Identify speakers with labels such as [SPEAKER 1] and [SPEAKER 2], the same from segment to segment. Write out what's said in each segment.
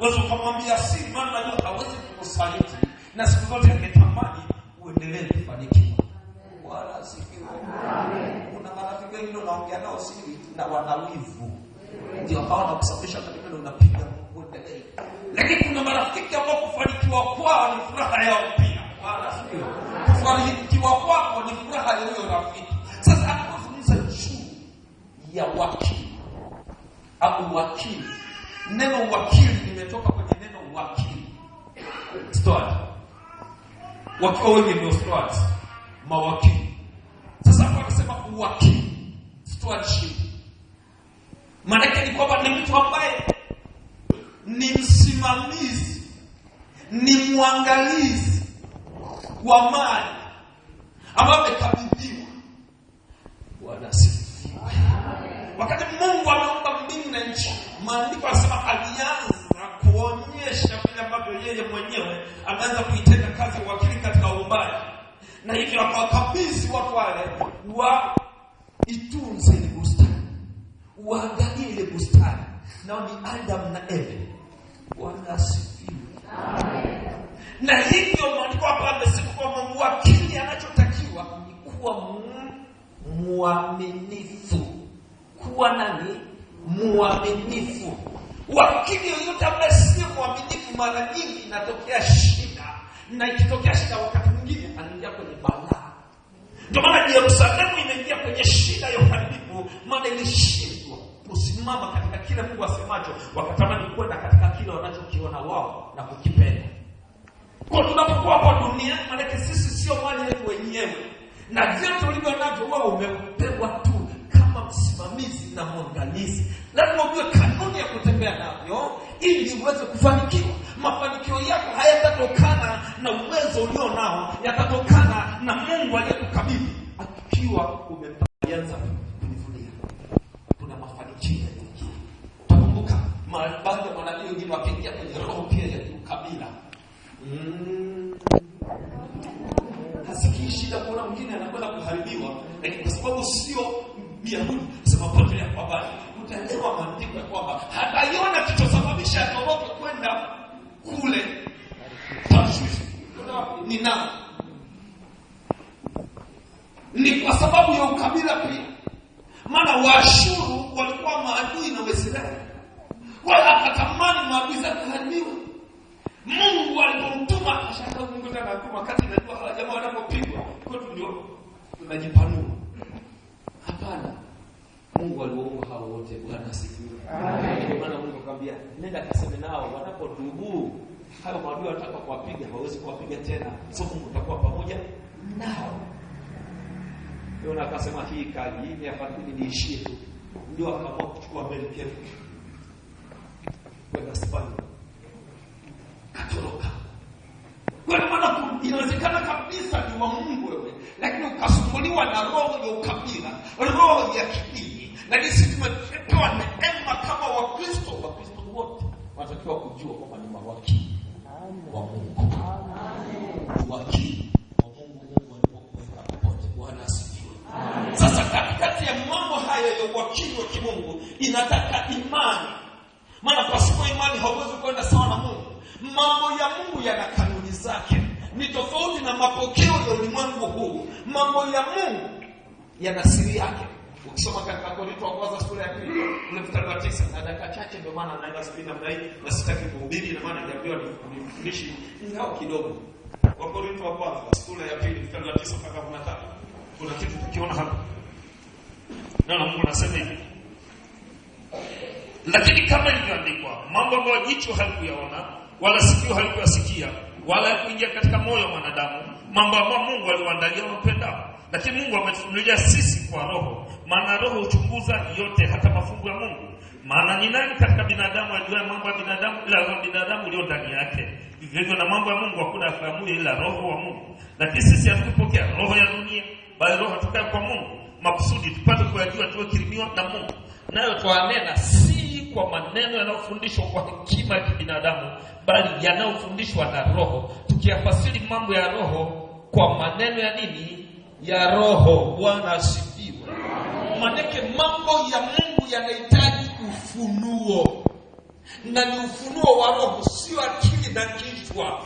[SPEAKER 1] Unaweza kumwambia siri, maana najua hawezi kukusaliti, na siku zote angetamani uendelee kufanikiwa. Bwana asifiwe. Kuna marafiki wengi unaongea nao siri na wanawivu, ndio hao wanakusababisha katika unapiga uendelee. Lakini kuna marafiki ambao kufanikiwa kwao ni furaha yao pia. Bwana asifiwe. Kufanikiwa kwako ni furaha ya huyo rafiki. Sasa anazungumza juu ya wakili au wakili Neno wakili limetoka kwenye neno wakili, steward, wakili ndio steward, mawakili. Sasa hapo anasema uwakili, stewardship, maanake ni kwamba ni mtu ambaye ni msimamizi, ni mwangalizi wa mali ambayo amekabidhiwa. wanasifiwa Wakati Mungu ameumba mbingu na nchi Maandiko anasema alianza kuonyesha vile ambavyo yeye mwenyewe ameanza kuitenda kazi uwakili katika uumbaji, na hivyo akawakabidhi watu wale waitunze ile bustani, waangalie ile bustani, nao ni Adam na Eve. Bwana asifiwe, amen. Na hivyo maandiko hapa amesema kwamba mwakili anachotakiwa ni kuwa mwaminifu, kuwa nani muaminifu. Wakili mtu ambaye si mwaminifu, mara nyingi inatokea shida, na ikitokea shida wakati mwingine anaingia kwenye balaa. Ndio maana Yerusalemu imeingia kwenye shida ya uharibifu, maana ilishindwa kusimama katika kile Mungu asemacho, wakatamani kwenda katika kile wanachokiona wao na kukipenda. Kwa tunapokuwa kwa dunia maanake sisi sio mali yetu wenyewe, na vyote ulivyo navyo wao umepewa msimamizi na mwangalizi. Lazima ujue kanuni ya kutembea navyo ili uweze kufanikiwa. Mafanikio yako hayatatokana na uwezo ulio nao, yatatokana na Mungu aliyekukabidhi. Akiwa umeanza kujivunia, kuna mafanikio yataingia. Utakumbuka baadhi ya manabii wengine wakiingia kwenye roho pia ya ukabila mm. hasikii shida kuona mwingine anakwenda kuharibiwa, lakini kwa sababu sio bidii ya Mungu usipopotelea kwa bali, maandiko ya kwamba Yona kichosababisha atoroke kwenda kule Tarshishi. Ni na Ni kwa sababu ya ukabila pia, maana Waashuru walikuwa maadui na Waisraeli, wala akatamani maadui zake Mungu alipomtuma akashaka Mungu tena akatuma kati, najua hawa jamaa wanapopigwa kwetu ndio tunajipanua Mungu aliwaumba hao wote. Bwana asifiwe. Amen. Maana Mungu akamwambia nenda kaseme nao, wanapotubu hayo maadui wataka kuwapiga hawezi kuwapiga tena, so Mungu atakuwa pamoja nao. Ndio na akasema hii kazi hii afadhali niishie tu, ndio akaamua kuchukua meli kefu kwenda Spania, katoroka kwa maana inawezekana kabisa ni wa Mungu wewe, lakini ukasumbuliwa na roho ya ukabila, roho ya kibili lakini sisi tumepewa neema kama Wakristo. Wakristo wote wanatakiwa kujua kwamba ni mawakili wa Mungu, wakili wa Mungu. Mungu alipokuweka popote, Bwana asifiwe. Sasa katikati ya mambo hayo ya wakili wa kimungu inataka imani, maana pasipo imani hauwezi kwenda sawa na Mungu. Mambo ya Mungu yana kanuni zake, ni tofauti na mapokeo ya ulimwengu huu. Mambo ya Mungu yana siri yake. Ukisoma katika Korinto wa kwanza sura ya pili ule mstari wa tisa na dakika chache, ndio maana naenda spidi namna hii na sitaki kuhubiri, na maana niliambiwa nifundishi ingawa kidogo. Kwa Korinto wa kwanza sura ya pili mstari wa tisa mpaka kumi na tano kuna kitu tukiona hapa, na Mungu anasema hivi, lakini kama ilivyoandikwa, mambo ambayo jicho halikuyaona wala sikio halikuyasikia wala kuingia katika moyo wa mwanadamu, mambo ambayo Mungu aliwaandalia wapendao. Lakini Mungu ametufunulia sisi kwa Roho maana roho huchunguza yote, hata mafungu ya Mungu. Maana ni nani katika binadamu ajuaye mambo ya binadamu ila roho binadamu iliyo ndani yake? Vivyo hivyo na mambo ya Mungu hakuna afahamuye ila roho wa Mungu. Lakini sisi hatukupokea roho ya dunia, bali roho atokaye kwa Mungu, makusudi tupate kuyajua kirimiwa na Mungu, nayo twanena si kwa maneno yanayofundishwa kwa hekima ya kibinadamu, bali yanayofundishwa na Roho, tukiyafasiri mambo ya roho kwa maneno ya nini? Ya Roho. Bwana Maanake mambo ya Mungu yanahitaji ufunuo, na ni ufunuo wa roho, sio akili na kichwa.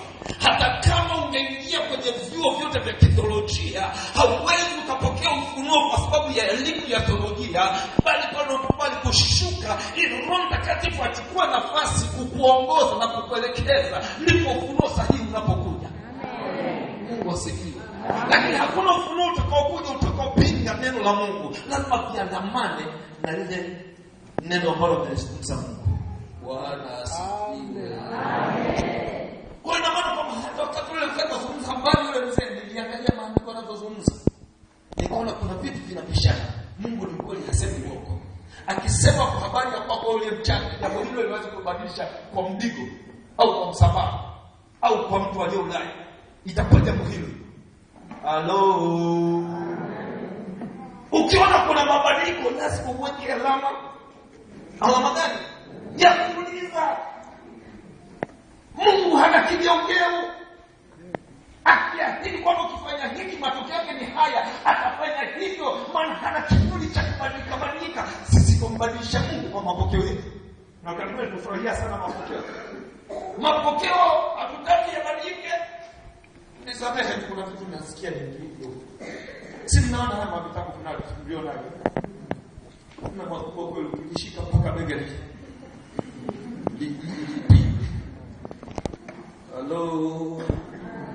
[SPEAKER 1] amane na lile neno ambalo umelizungumza Mungu. Bwana asifiwe. Amen. Kwa ina maana kwamba hata wakati ule mfalme azungumza habari yule mzee, niliangalia maandiko anavyozungumza. Nikaona kuna vitu vinapishana. Mungu ni mkweli, hasemi uongo. Akisema kwa habari ya kwamba yule mchanga, jambo hilo liweze kubadilisha kwa mdigo au kwa msamaha au kwa mtu aliye itakuwa jambo hilo. Hello. Ukiona kuna mabadiliko lazima uweke alama. Alama gani? Ya kuuliza. Mungu hana kijongeo Akiahidi kwamba ukifanya hiki matokeo yake ni haya, atafanya hivyo, maana hana kiburi cha kubadilika badilika. Sisi kumbadilisha Mungu kwa mapokeo yetu. Na wakati tunafurahia sana mapokeo. Mapokeo hatutaki yabadilike. Nisamehe, kuna vitu nasikia ni hivyo si mnaona haya mavitabu tunavyonaje na kwa kubwa kweli ukishika mpaka bega Hello.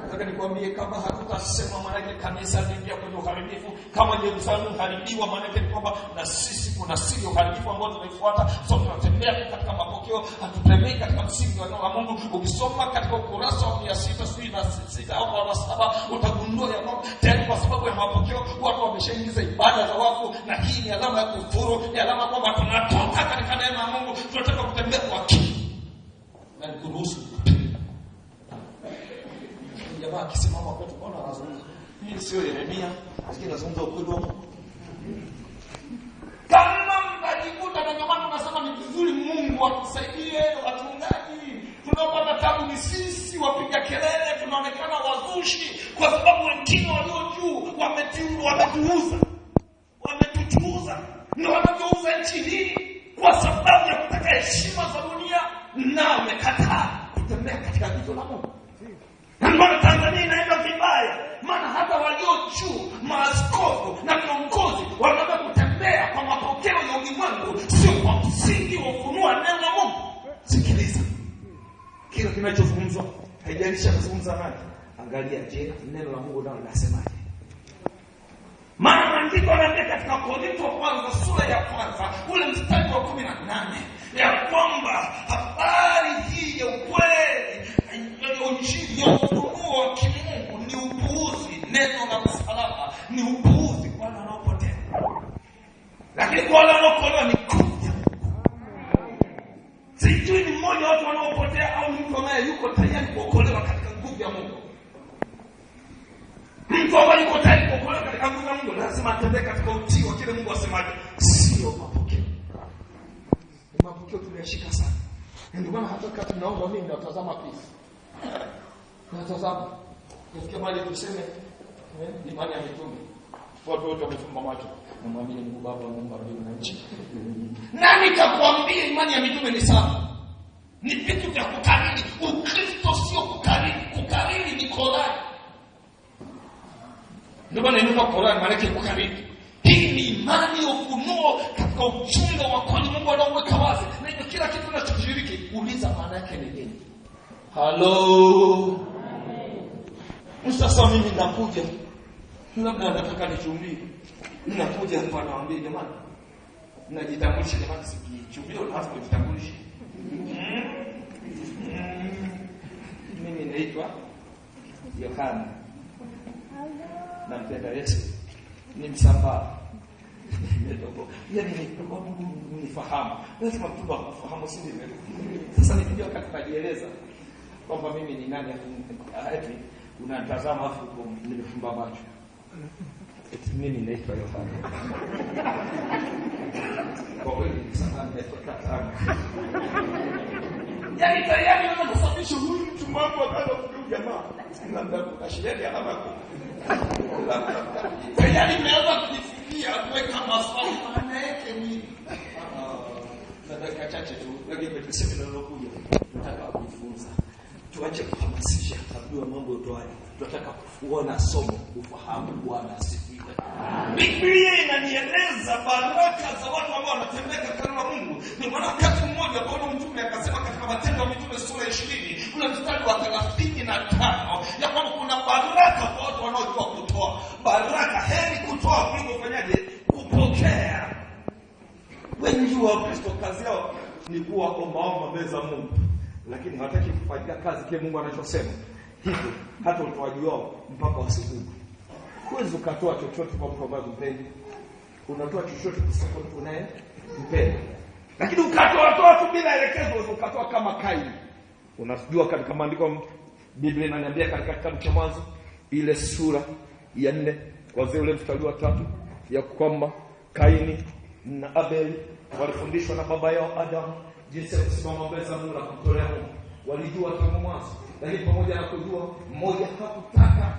[SPEAKER 1] Nataka nikwambie kama hatutasema maanake kanisa linaingia kwenye uharibifu, kama Yerusalemu haribiwa, maanake ni kwamba na sisi kuna siri ya uharibifu ambao tunaifuata. So tunatembea katika mapokeo, hatutembei katika msingi wa Mungu. Ukisoma katika ukurasa wa mia au arobaini utagundua ya kwamba tena ya mapokeo wako wameshaingiza ibada za wafu, na hii ni alama ya kufuru, ni alama kwamba tunatoka katika neema ya Mungu, tunataka kutembea kwa akili na kuruhusu jamaa akisimama kwetu, mbona anazungumza hii? Sio Yeremia, lakini anazungumza ukweli wa kama mtajikuta, na ndio maana tunasema ni vizuri Mungu atusaidie wachungaji. Tunaopata tabu ni sisi wapiga kelele, tunaonekana wazushi, kwa sababu wengine walio wametuuza, wametuchuuza na wanatuuza nchi hii kwa sababu ya kutaka heshima za dunia, na wamekataa kutembea katika kizo la Mungu. Mbona Tanzania inaenda vibaya? Maana hata walio juu, maaskofu na viongozi, wanataka kutembea kwa mapokeo ya ulimwengu, sio kwa msingi wa ufunua neno la Mungu. Sikiliza kila kinachozungumzwa, haijalishi anazungumza nani. Angalia, je, neno la Mungu nalo linasemaje? maandiko lake katika Korintho wa kwanza sura ya kwanza ule mstari wa kumi na nane ya kwamba habari hii ya ukweli Injili ya ufunuo wa kimungu ni upuuzi, neno la msalaba ni upuuzi kwa wale wanaopotea, lakini kwa wale wanaokolewa ni kuja. Sijui ni mmoja watu wanaopotea au mtu ambaye yuko tayari kuokolewa katika nguvu ya Mungu, mtu ambaye yuko Bwana katika nguvu za Mungu lazima atembee katika utii wa kile Mungu asemaje, sio mapokeo. Mapokeo tunayashika sana. Ndio maana hata wakati tunaomba mimi natazama pisi. Natazama. Nisikia mali tuseme eh, ni imani ya mitume. Watu wote wamefumba macho. Namwambia Mungu Baba na Mungu Baba na nchi. Nani kakwambia imani ya mitume ni sawa? Ni vitu vya kukariri. Ukristo Ndio maana inua Qur'an maana yake karibu. Hii ni imani ya ufunuo katika uchungu wa kweli Mungu anauweka wazi na hivyo kila kitu tunachoshiriki uliza maana yake ni nini. Halo. Sasa mimi nakuja. Labda nataka nichumbie. Ninakuja hapa nawaambia jamani. Najitambulisha jamani sikichumbio na hapo jitambulishe. Hmm? Hmm? Mimi naitwa Yohana na mpenda Yesu ni msafara yani Mungu nifahamu, lazima mtu afahamu, si ndio? Sasa nikija katika kujieleza kwamba mimi ni nani, ati unatazama afu nimefumba macho eti mimi naitwa Yohana. Kwa kweli sana nimetoka sana, yani tayari anakusafisha huyu mtu, mambo akaanza kuja jamaa, labda kukashiria alama tayari nimeanza kujifikia kuweka maswali maana yake nini dakika chache tu lakini kwenye semina tunataka kujifunza tuache kuhamasisha kabla mambo utoaje tunataka kuona somo ufahamu bwana sifiwe Biblia inanieleza baraka za watu ambao wanatembea katika neno la Mungu. Ndio maana wakati mmoja Paulo mtume akasema katika Matendo ya Mitume sura ya 20 ule mstari wa thelathini na tano ya kwamba kuna baraka kwa watu wanaojua kutoa. Baraka heri kutoa kuliko fanyaje? Kupokea. Wengi wa Kristo kazi yao ni kuwa ombaomba mbele za Mungu, lakini hawataki kufanyia kazi kile Mungu anachosema. Hivyo hata utoaji wao mpaka wasujudu. Huwezi ukatoa chochote kwa mtu ambaye mpendi, unatoa chochote kwa sababu unaye mpendi, lakini ukatoa toa tu bila elekezo, ukatoa kama Kaini. Unajua katika maandiko Biblia inaniambia katika kitabu cha Mwanzo ile sura ya nne kuanzia ule mstari wa tatu ya kwamba Kaini na Abel walifundishwa na baba yao Adam jinsi ya kusimama mbele za Mungu na kumtolea Mungu. Walijua tangu mwanzo, lakini pamoja na kujua, mmoja hakutaka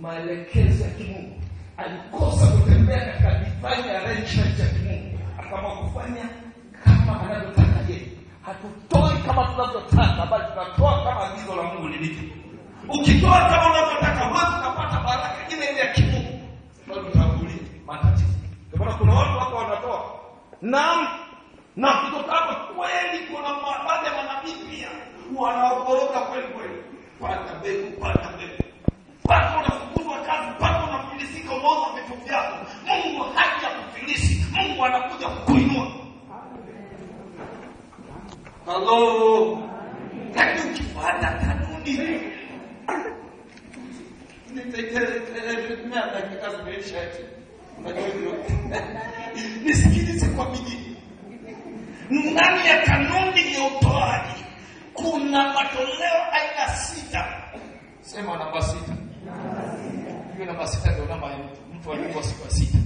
[SPEAKER 1] maelekezo ya kimungu, alikosa kutembea katika divine arrangement ya kimungu, akama kufanya kama anavyotaka hatutoi kama tunavyotaka bali tunatoa kama agizo la Mungu lilivyo. Ukitoa kama unavyotaka huwezi kupata baraka ile ile ya kimungu, bali utakulia matatizo. Kwa maana kuna watu hapa wanatoa naam, na kutoka kweli, kuna baadhi ya manabii pia wanaokoroka kweli kweli, pata mbegu, pata mbegu, mpaka unafukuzwa kazi, mpaka unafilisika, unauza vitu vyako. Mungu haja kufilisi, Mungu anakuja kuku Halo. Lakini ukifuata kanuni nisikilize kwa bidii. Ndani ya kanuni ya utoaji kuna matoleo aina sita. Sema namba sita. Hiyo namba sita ndio namba ya mtu alikuwa siku sita,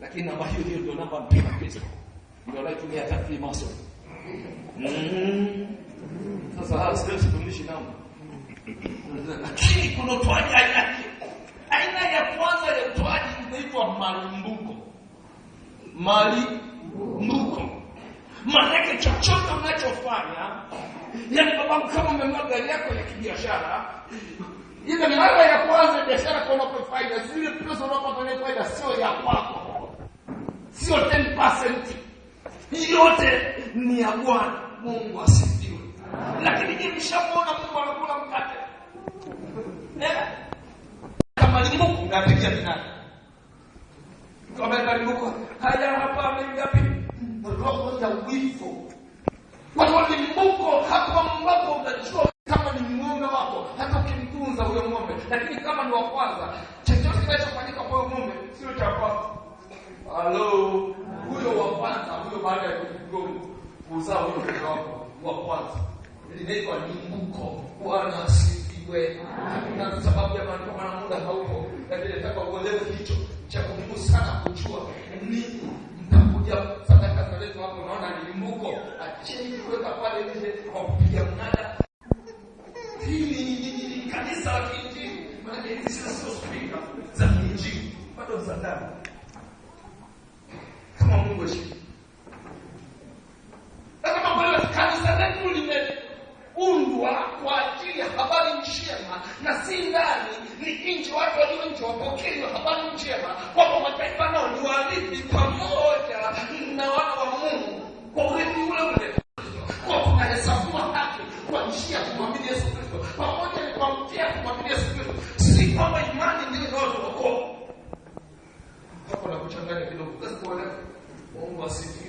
[SPEAKER 1] lakini namba hiyo hiyo ndio namba mpira pesa ndio anatumia hata Mm. Sasa hapo siwezi kuishi nao. Lakini kuna utoaji aina ya kwanza ya utoaji inaitwa marumbuko. Mali mbuko. Maana chochote unachofanya yaani babangu kama umenunua gari yako ya kibiashara ile mara ya kwanza biashara kwa unapo faida zile pesa unapofanya faida sio ya kwako. Sio 10% yote ni ya Bwana. Mungu asifiwe. Lakini je, mshamuona Mungu anakula mkate? Eh? Kama ni Mungu anapikia binadamu. linaitwa limbuko. Bwana asifiwe. Na sababu ya maandiko, maana muda haupo, lakini nataka uelewe hicho cha muhimu sana kujua nini mtakuja sadaka zinaletwa hapo. Naona limbuko, acheni kuweka pale nje kwa kupiga mnada. Hili ni kanisa la kiinjili, maana hizi sio spika za kiinjili, bado za ndani kama Mungu wapokee hiyo habari njema kwamba mataifa nao ni warithi pamoja na wana wa Mungu kwa urithi ule ule kwa tunahesabiwa haki kwa njia ya kumwamini Yesu Kristo, pamoja na kwa njia ya kumwamini Yesu Kristo, si kwamba imani ndiyo inayotuokoa. Hapo nakuchanganya kidogo, kasi kuelewa Mungu asifi.